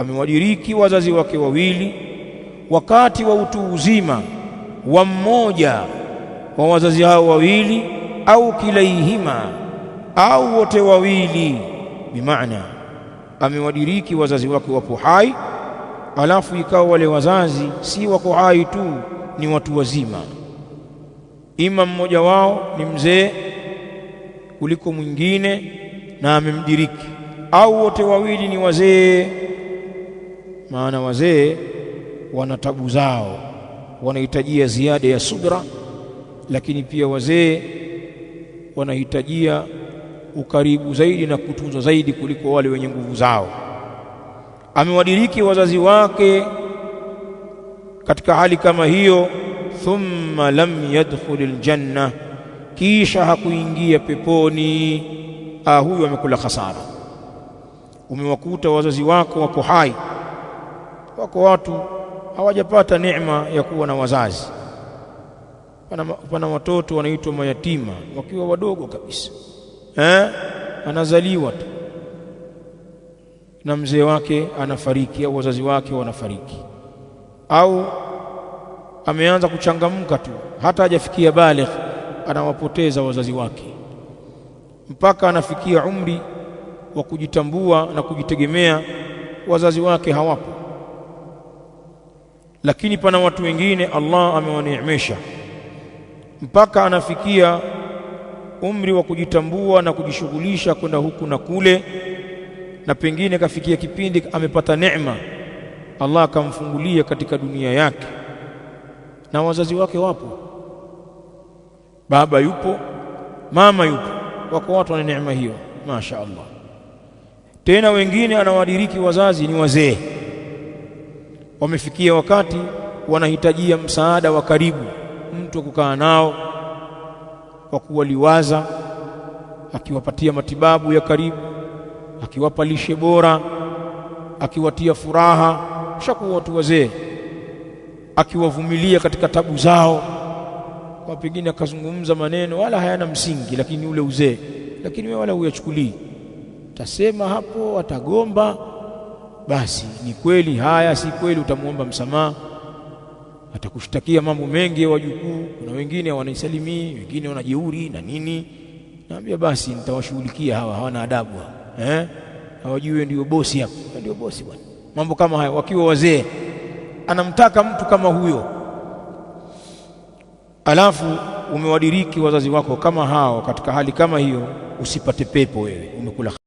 amewadiriki wazazi wake wawili wakati wa utu uzima wa mmoja wa wazazi hao wawili au kilaihima au wote wawili, bimaana amewadiriki wazazi wake wapo hai, alafu ikawa wale wazazi si wako hai tu, ni watu wazima, ima mmoja wao ni mzee kuliko mwingine na amemdiriki, au wote wawili ni wazee maana wazee wana tabu zao, wanahitajia ziada ya subra, lakini pia wazee wanahitajia ukaribu zaidi na kutunzwa zaidi kuliko wale wenye nguvu zao. Amewadiriki wazazi wake katika hali kama hiyo, thumma lam yadkhul aljanna, kisha hakuingia peponi. Ah, huyu amekula khasara. Umewakuta wazazi wako wako hai wako watu hawajapata neema ya kuwa na wazazi. Pana, pana watoto wanaitwa mayatima wakiwa wadogo kabisa eh? Anazaliwa tu na mzee wake anafariki, au wazazi wake wanafariki, au ameanza kuchangamka tu, hata hajafikia baligh, anawapoteza wazazi wake mpaka anafikia umri wa kujitambua na kujitegemea, wazazi wake hawapo lakini pana watu wengine Allah amewaneemesha mpaka anafikia umri wa kujitambua na kujishughulisha kwenda huku na kule, na pengine kafikia kipindi amepata neema, Allah akamfungulia katika dunia yake, na wazazi wake wapo, baba yupo, mama yupo, wako watu wana neema hiyo, masha Allah. Tena wengine anawadiriki wazazi ni wazee wamefikia wakati wanahitajia msaada wa karibu, mtu wa kukaa nao, kwa kuwaliwaza, akiwapatia matibabu ya karibu, akiwapa lishe bora, akiwatia furaha, shakuwa watu wazee, akiwavumilia katika tabu zao, kwa pengine akazungumza maneno wala hayana msingi, lakini ule uzee, lakini wewe wala huyachukulii, tasema hapo, atagomba basi ni kweli, haya si kweli, utamwomba msamaha. Atakushtakia mambo mengi ya wajukuu. Kuna wengine wanaisalimii, wengine wanajeuri na nini. Naambia basi nitawashughulikia hawa, hawana adabu eh? Hawajui ndio bosi hapo, ndio bosi bwana. Mambo kama haya wakiwa wazee, anamtaka mtu kama huyo, alafu umewadiriki wazazi wako kama hao katika hali kama hiyo, usipate pepo wewe, umekula